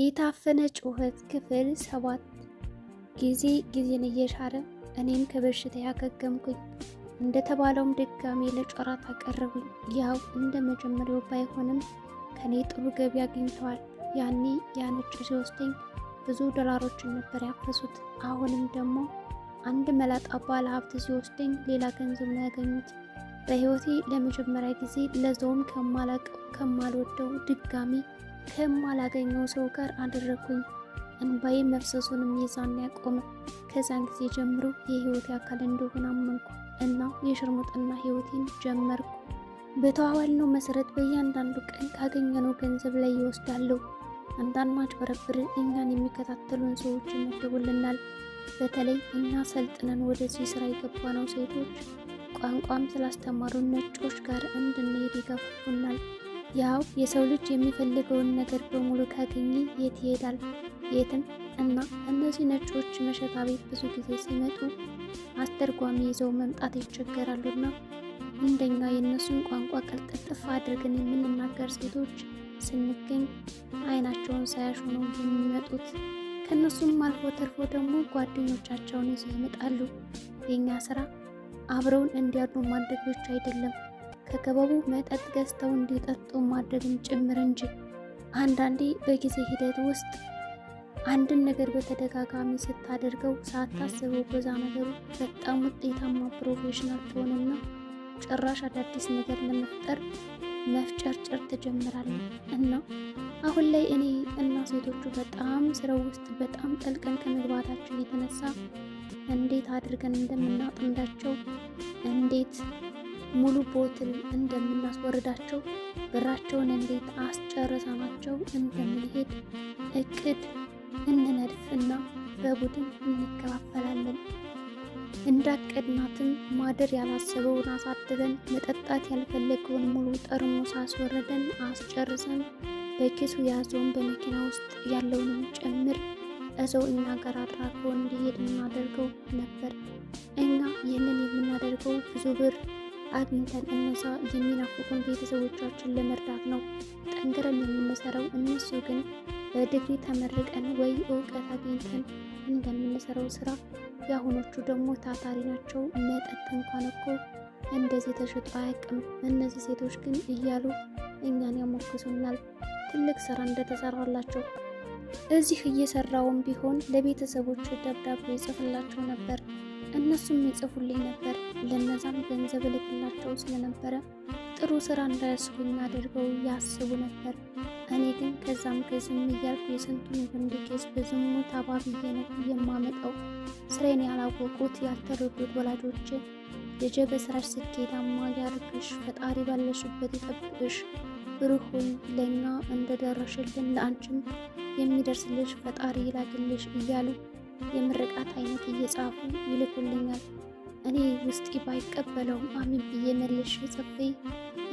የታፈነ ጩኸት ክፍል ሰባት ጊዜ ጊዜን እየሻረ እኔም ከበሽታ ያገገምኩኝ እንደተባለውም ድጋሜ ለጨረታ ቀረቡኝ። ያው እንደ መጀመሪያው ባይሆንም ከኔ ጥሩ ገቢ አግኝተዋል። ያኔ ያነጩ ሲወስደኝ ብዙ ዶላሮችን ነበር ያፈሱት። አሁንም ደግሞ አንድ መላጣ ባለ ሀብት ሲወስደኝ ሌላ ገንዘብ ነው ያገኙት። በህይወቴ ለመጀመሪያ ጊዜ ለዘውም ከማላቀው ከማልወደው ድጋሚ ከማላገኘው ሰው ጋር አደረግኩኝ። እንባዬ መፍሰሱን የዛን ያቆመ። ከዛን ጊዜ ጀምሮ የህይወቴ አካል እንደሆነ አመንኩ እና የሽርሙጥና ህይወቴን ጀመርኩ። በተዋዋልነው መሰረት በእያንዳንዱ ቀን ካገኘነው ገንዘብ ላይ ይወስዳለሁ። ማጭበረብር እኛን የሚከታተሉን ሰዎች ይመደቡልናል። በተለይ እኛ ሰልጥነን ወደዚህ ስራ የገባነው ሴቶች ቋንቋም ስላስተማሩን ነጮች ጋር እንድንሄድ ይገፋፉናል። ያው የሰው ልጅ የሚፈልገውን ነገር በሙሉ ካገኘ የት ይሄዳል? የትም። እና እነዚህ ነጮች መሸታ ቤት ብዙ ጊዜ ሲመጡ አስተርጓሚ ይዘው መምጣት ይቸገራሉና እንደኛ የእነሱን ቋንቋ ቀልጥፍጥፍ አድርገን የምንናገር ሴቶች ስንገኝ አይናቸውን ሳያሹ ነው የሚመጡት። ከእነሱም አልፎ ተርፎ ደግሞ ጓደኞቻቸውን ይዘው ይመጣሉ። የእኛ ስራ አብረውን እንዲያዱ ማድረግ ብቻ አይደለም ከክበቡ መጠጥ ገዝተው እንዲጠጡ ማድረግን ጭምር እንጂ። አንዳንዴ በጊዜ ሂደት ውስጥ አንድን ነገር በተደጋጋሚ ስታደርገው ሳታስበው በዛ ነገሩ በጣም ውጤታማ ፕሮፌሽናል ትሆንና ጭራሽ አዳዲስ ነገር ለመፍጠር መፍጨርጨር ትጀምራለ። እና አሁን ላይ እኔ እና ሴቶቹ በጣም ስራው ውስጥ በጣም ጠልቀን ከመግባታችን የተነሳ እንዴት አድርገን እንደምናጥምዳቸው እንዴት ሙሉ ቦትል እንደምናስወርዳቸው ብራቸውን እንዴት አስጨርሰናቸው እንደምንሄድ እቅድ እንነድፍና በቡድን እንከፋፈላለን። እንዳቀድናትም ማደር ያላሰበውን አሳድበን መጠጣት ያልፈለገውን ሙሉ ጠርሙስ አስወርደን አስጨርሰን በኪሱ የያዘውን በመኪና ውስጥ ያለውንም ጭምር እዘው እኛ ጋር አድራጎ እንዲሄድ የምናደርገው ነበር። እኛ ይህንን የምናደርገው ብዙ ብር አግኝተን እነሳ የሚናፍቁን ቤተሰቦቻችን ለመርዳት ነው ጠንክረን የምንሰራው። እነሱ ግን በድግሪ ተመርቀን ወይ እውቀት አግኝተን እንደምንሰራው ስራ የአሁኖቹ ደግሞ ታታሪ ናቸው። መጠጥ እንኳን እኮ እንደዚህ ተሸጦ አያውቅም እነዚህ ሴቶች ግን እያሉ እኛን ያሞግሱናል። ትልቅ ስራ እንደተሰራላቸው እዚህ እየሰራውም ቢሆን ለቤተሰቦች ደብዳቤ ይጽፍላቸው ነበር፣ እነሱም ይጽፉልኝ ነበር። ለነዛም ገንዘብ እልክላቸው ስለነበረ ጥሩ ስራ እንዳያስቡኝ አድርገው ያስቡ ነበር። እኔ ግን ከዛም ከዝም እያልኩ የስንቱን ወንድ ቄስ በዝሙት አባብዬ ነው የማመጣው። ስራዬን ያላወቁት ያልተረዱት ወላጆች ልጄ በስራሽ ስኬታማ ያርግሽ፣ ፈጣሪ ባለሽበት ይጠብቅሽ፣ ብሩሁን ለእኛ እንደደረሽልን ለአንቺም የሚደርስልሽ ፈጣሪ ይላግልሽ እያሉ የምርቃት አይነት እየጻፉ ይልኩልኛል። እኔ ውስጤ ባይቀበለውም አሜን ብዬ መልሼ ጽፌ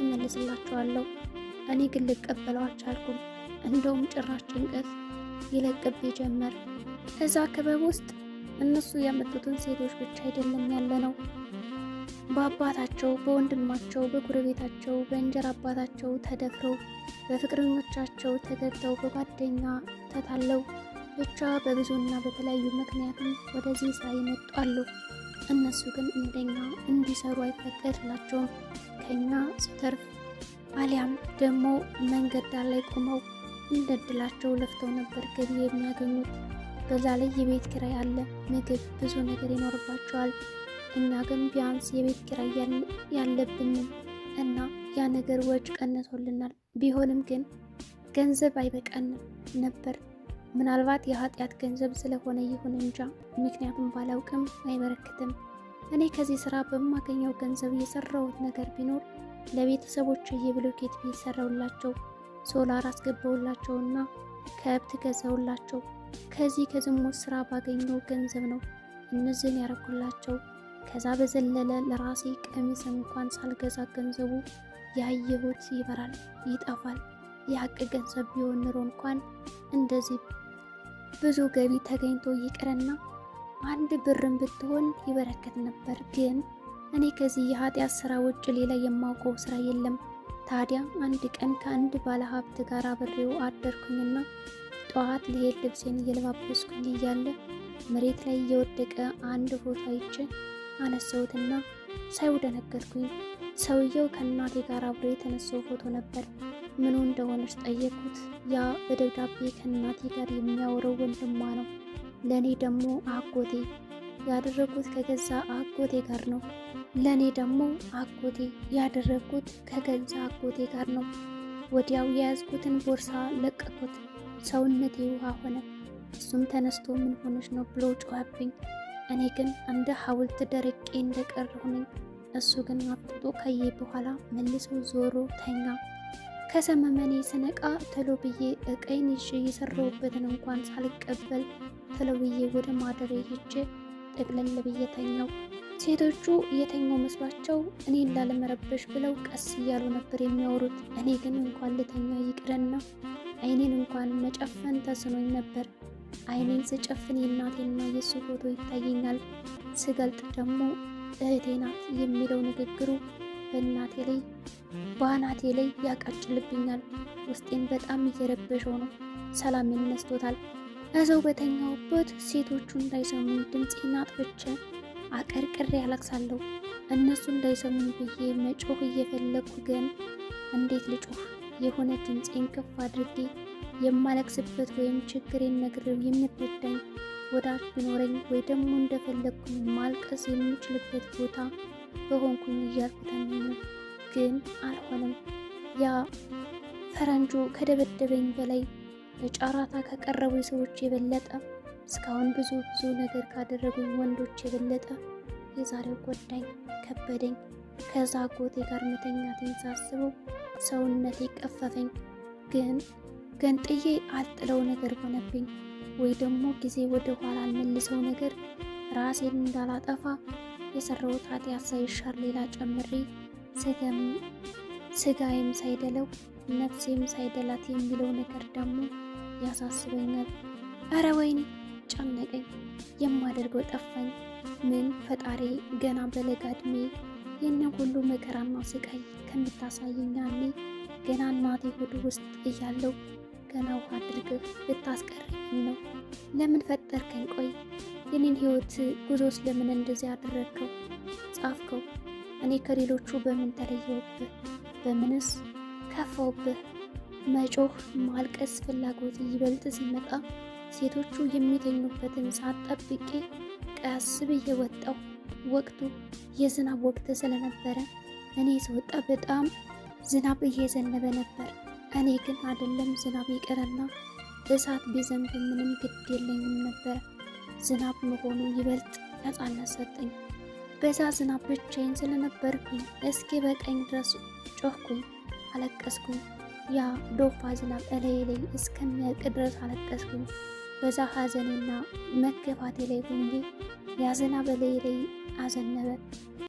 እመልስላቸዋለሁ። እኔ ግን ልቀበለው አልቻልኩም። እንደውም ጭራሽ ጭንቀት ይለቅብኝ ጀመር። እዛ ክበብ ውስጥ እነሱ ያመጡትን ሴቶች ብቻ አይደለም ያለ ነው። በአባታቸው፣ በወንድማቸው፣ በጎረቤታቸው፣ በእንጀራ አባታቸው ተደፍረው፣ በፍቅረኞቻቸው ተገድተው፣ በጓደኛ ተታለው ብቻ በብዙና በተለያዩ ምክንያትም ወደዚህ ስራ ይመጣሉ። እነሱ ግን እንደኛ እንዲሰሩ አይፈቀድላቸውም። ከኛ ስተርፍ አሊያም ደግሞ መንገድ ዳር ላይ ቆመው እንደ እድላቸው ለፍተው ነበር ገቢ የሚያገኙት። በዛ ላይ የቤት ኪራይ አለ፣ ምግብ፣ ብዙ ነገር ይኖርባቸዋል። እኛ ግን ቢያንስ የቤት ኪራይ ያለብንም እና ያ ነገር ወጭ ቀንሶልናል። ቢሆንም ግን ገንዘብ አይበቃንም ነበር። ምናልባት የኃጢአት ገንዘብ ስለሆነ ይሁን እንጃ ምክንያቱም ባላውቅም አይበረክትም። እኔ ከዚህ ስራ በማገኘው ገንዘብ የሰራሁት ነገር ቢኖር ለቤተሰቦች የብሎኬት ቤት ሰራውላቸው፣ ሶላር አስገባውላቸውና ከብት ገዛውላቸው። ከዚህ ከዝሙት ስራ ባገኘው ገንዘብ ነው እነዚህን ያረኩላቸው። ከዛ በዘለለ ለራሴ ቀሚስ እንኳን ሳልገዛ ገንዘቡ ያየሁት ይበራል፣ ይጠፋል። የሀቅ ገንዘብ ቢሆን ኑሮ እንኳን እንደዚህ ብዙ ገቢ ተገኝቶ ይቅርና አንድ ብርም ብትሆን ይበረከት ነበር። ግን እኔ ከዚህ የኃጢአት ስራ ውጭ ሌላ የማውቀው ስራ የለም። ታዲያ አንድ ቀን ከአንድ ባለሀብት ጋር አብሬው አደርኩኝና ጠዋት ልሄድ ልብሴን እየለባበስኩኝ እያለ መሬት ላይ እየወደቀ አንድ ፎቶ አይቼ አነሳሁትና ሳይው ደነገጥኩኝ። ሰውየው ከእናቴ ጋር አብሮ የተነሳው ፎቶ ነበር። ምኑ እንደሆነች ጠየቁት። ያ በደብዳቤ ከእናቴ ጋር የሚያወረው ወንድሟ ነው፣ ለእኔ ደግሞ አጎቴ። ያደረጉት ከገዛ አጎቴ ጋር ነው፣ ለእኔ ደግሞ አጎቴ። ያደረጉት ከገዛ አጎቴ ጋር ነው። ወዲያው የያዝኩትን ቦርሳ ለቀቁት። ሰውነቴ ውሃ ሆነ። እሱም ተነስቶ ምን ሆነች ነው ብሎ ጮኸብኝ። እኔ ግን እንደ ሐውልት ደረቄ እንደቀረሁ ነኝ። እሱ ግን አፍጥጦ ከዬ በኋላ መልሶ ዞሮ ተኛ። ከሰመመኔ ስነቃ ተሎ ብዬ እቀይን ይዤ የሰራሁበትን እንኳን ሳልቀበል ተሎ ብዬ ወደ ማደሬ ሄጄ ጠቅለል ብዬ ተኛው። ሴቶቹ የተኛው መስሏቸው እኔን ላለመረበሽ ብለው ቀስ እያሉ ነበር የሚያወሩት። እኔ ግን እንኳን ልተኛ ነው። አይኔን እንኳን መጨፈን ተስኖኝ ነበር። አይኔን ስጨፍን የእናቴና የእሱ ፎቶ ይታየኛል። ስገልጥ ደግሞ እህቴ ናት የሚለው ንግግሩ በእናቴ ላይ በአናቴ ላይ ያቃጭልብኛል። ውስጤን በጣም እየረበሸው ነው። ሰላም ይነስቶታል። እዛው በተኛውበት ሴቶቹ እንዳይሰሙ ድምፄን አጥፍቼ አቀርቅሬ ያለቅሳለሁ። እነሱ እንዳይሰሙ ብዬ መጮህ እየፈለግኩ ግን እንዴት ልጮህ? የሆነ ድምፄን ከፍ አድርጌ የማለቅስበት ወይም ችግሬን ነግሬው የሚረዳኝ ወዳጅ ቢኖረኝ ወይ ደግሞ እንደፈለግኩ ማልቀስ የምችልበት ቦታ በሆንኩኝ እያልኩ ተመኘሁ፣ ግን አልሆነም። ያ ፈረንጁ ከደበደበኝ በላይ ለጨራታ ከቀረቡ ሰዎች የበለጠ እስካሁን ብዙ ብዙ ነገር ካደረጉኝ ወንዶች የበለጠ የዛሬው ጎዳኝ፣ ከበደኝ። ከዛ ጎቴ ጋር መተኛትን ሳስበው ሰውነቴ ቀፈፈኝ። ግን ገንጥዬ አልጥለው ነገር ሆነብኝ፣ ወይ ደግሞ ጊዜ ወደ ኋላ አልመልሰው ነገር ራሴን እንዳላጠፋ የሰራሁት ኃጢአት ሳይሻር ሌላ ጨምሬ ስጋዬም ሳይደለው ነፍሴም ሳይደላት የሚለው ነገር ደግሞ ያሳስበኛል። እረ ወይኔ ጨነቀኝ፣ የማደርገው ጠፋኝ። ምን ፈጣሪ ገና በለጋ እድሜ ይህንን ሁሉ መከራና ስቃይ ከምታሳየኝ ያኔ ገና እናቴ ሆድ ውስጥ እያለው ገና ውሃ አድርገህ ልታስቀረኝ ነው። ለምን ፈጠርከኝ? ቆይ የኔን ህይወት ጉዞ ለምን እንደዚህ አደረግከው? ጻፍከው? እኔ ከሌሎቹ በምን ተለየውብህ? በምንስ ከፋውብህ? መጮህ ማልቀስ ፍላጎት ይበልጥ ሲመጣ ሴቶቹ የሚተኙበትን ሰዓት ጠብቄ ቀስ ብዬ ወቅቱ የዝናብ ወቅት ስለነበረ እኔ ስወጣ በጣም ዝናብ እየዘነበ ነበር። እኔ ግን አይደለም ዝናብ ይቀረና እሳት ቢዘንብ ምንም ግድ የለኝም ነበር። ዝናብ መሆኑ ይበልጥ ነፃነት ሰጠኝ። በዛ ዝናብ ብቻዬን ስለነበርኩኝ እስኪ በቀኝ ድረስ ጮህኩኝ፣ አለቀስኩኝ። ያ ዶፋ ዝናብ እላይ ላይ እስከሚያልቅ ድረስ አለቀስኩኝ። በዛ ሐዘኔና መከፋቴ ላይ ሆኜ ያ ዝናብ እላይ ላይ አዘነበ።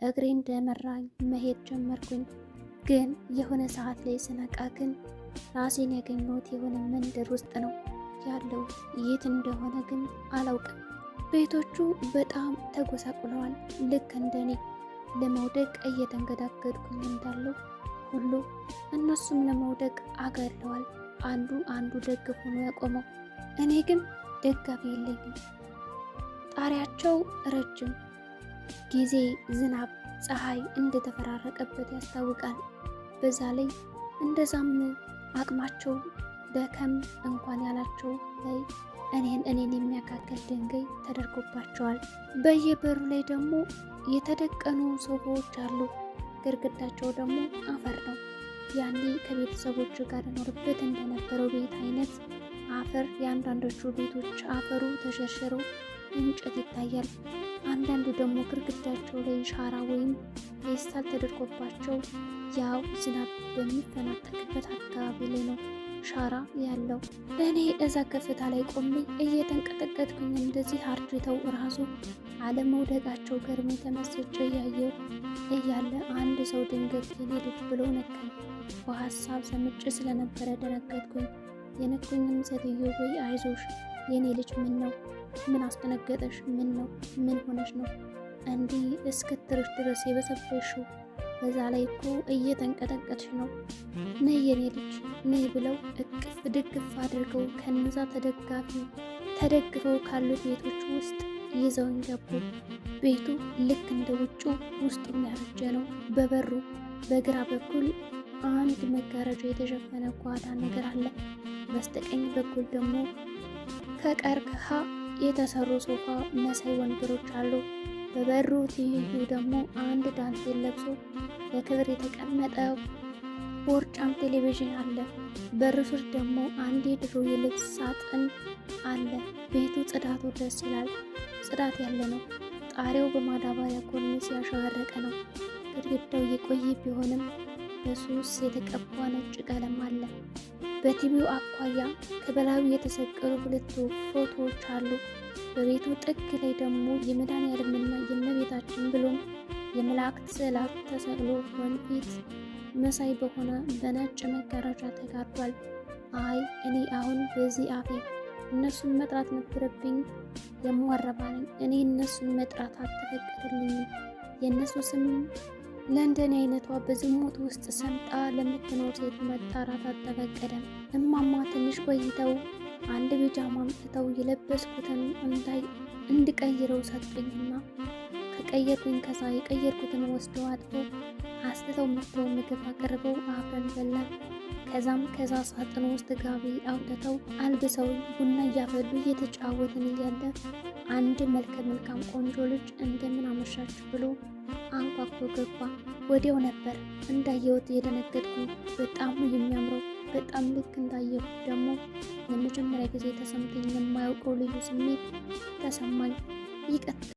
እግሬ እንደመራኝ መሄድ ጀመርኩኝ። ግን የሆነ ሰዓት ላይ ስነቃ ግን ራሴን ያገኘሁት የሆነ መንደር ውስጥ ነው ያለው። የት እንደሆነ ግን አላውቅም። ቤቶቹ በጣም ተጎሳቁለዋል። ልክ እንደኔ ለመውደቅ እየተንገዳገድኩኝ እንዳለው ሁሉ እነሱም ለመውደቅ አገለዋል። አንዱ አንዱ ደግፎ ሆኖ ያቆመው። እኔ ግን ደጋፊ የለኝም። ጣሪያቸው ረጅም ጊዜ ዝናብ፣ ፀሐይ እንደተፈራረቀበት ያስታውቃል። በዛ ላይ እንደዛም አቅማቸው ደከም እንኳን ያላቸው ላይ እኔን እኔን የሚያካክል ድንጋይ ተደርጎባቸዋል። በየበሩ ላይ ደግሞ የተደቀኑ ሶፋዎች አሉ። ግድግዳቸው ደግሞ አፈር ነው። ያኔ ከቤተሰቦች ጋር እኖርበት እንደነበረው ቤት አይነት አፈር የአንዳንዶቹ ቤቶች አፈሩ ተሸርሽሮ እንጨት ይታያል። አንዳንዱ ደግሞ ግድግዳቸው ላይ ሻራ ወይም ፌስታል ተደርጎባቸው ያው ዝናብ በሚፈናጠቅበት አካባቢ ላይ ነው። ሻራ ያለው። እኔ እዛ ከፍታ ላይ ቆሜ እየተንቀጠቀጥኩኝ እንደዚህ አርጅተው ራሱ አለመውደቃቸው ገርሜ ተመሰቸ እያየው እያለ አንድ ሰው ድንገት የኔ ልጅ ብሎ ነካኝ። በሀሳብ ዘምጭ ስለነበረ ደነገጥኩኝ። የነኩኝም ሴትዮ ወይ አይዞሽ የኔ ልጅ ምን ነው? ምን አስደነገጠሽ? ምን ነው? ምን ሆነሽ ነው እንዲህ እስክትርሽ ድረስ የበሰበሽው? በዛ ላይ እኮ እየተንቀጠቀጥሽ ነው። ነይ የኔ ልጅ ነይ ብለው እቅፍ ድግፍ አድርገው ከነዛ ተደጋፊ ተደግፈው ካሉት ቤቶች ውስጥ ይዘውን ገቡ። ቤቱ ልክ እንደ ውጩ ውስጡ ያረጀ ነው። በበሩ በግራ በኩል አንድ መጋረጃ የተሸፈነ ጓዳ ነገር አለ። በስተቀኝ በኩል ደግሞ ከቀርከሃ የተሰሩ ሶፋ መሳይ ወንበሮች አሉ። በበሩ ትይዩ ደግሞ አንድ ዳንቴል ለብሶ በክብር የተቀመጠ ቦርጫም ቴሌቪዥን አለ። በሩ ስር ደግሞ አንድ የድሮ የልብስ ሳጥን አለ። ቤቱ ጽዳቱ ደስ ይላል። ጽዳት ያለ ነው። ጣሪያው በማዳበሪያ ኮርኒስ ያሸበረቀ ነው። ግድግዳው የቆየ ቢሆንም በሱስ የተቀባ ነጭ ቀለም አለ። በቲቪው አኳያ ከበላዩ የተሰቀሉ ሁለት ፎቶዎች አሉ። በቤቱ ጥግ ላይ ደግሞ የመድኃኒዓለምና የእመቤታችን ብሎም የመላእክት ስዕላት ተሰቅሎ ወንፊት መሳይ በሆነ በነጭ መጋረጃ ተጋርዷል። አይ እኔ አሁን በዚህ አፌ እነሱን መጥራት ነበረብኝ። የማረባ እኔ እነሱን መጥራት አልተፈቀደልኝም። የእነሱ ስም ለእንደኔ አይነቷ በዝሙት ውስጥ ሰምጣ ለምትኖር ሴት መጣራት አልተፈቀደም። እማማ ትንሽ ቆይተው አንድ ቢጃማ አምጥተው የለበስኩትን እንዳይ እንድቀይረው ሰጡኝና ከቀየርኩኝ ከዛ የቀየርኩትን ወስደው አጥቶ አስተተው ምርተው ምግብ አቅርበው አብረን በላን። ከዛም ከዛ ሳጥን ውስጥ ጋቢ አውጥተው አልብሰው ቡና እያፈሉ እየተጫወትን እያለ አንድ መልከ መልካም ቆንጆ ልጅ እንደምን አመሻችሁ ብሎ አንኳኩቶ ገባ። ወዲያው ነበር እንዳየሁት የደነገጥኩ። በጣም የሚያምረው በጣም ልክ እንዳየሁ ደግሞ ለመጀመሪያ ጊዜ ተሰምቶኝ የማያውቀው ልዩ ስሜት ተሰማኝ። ይቀጥል።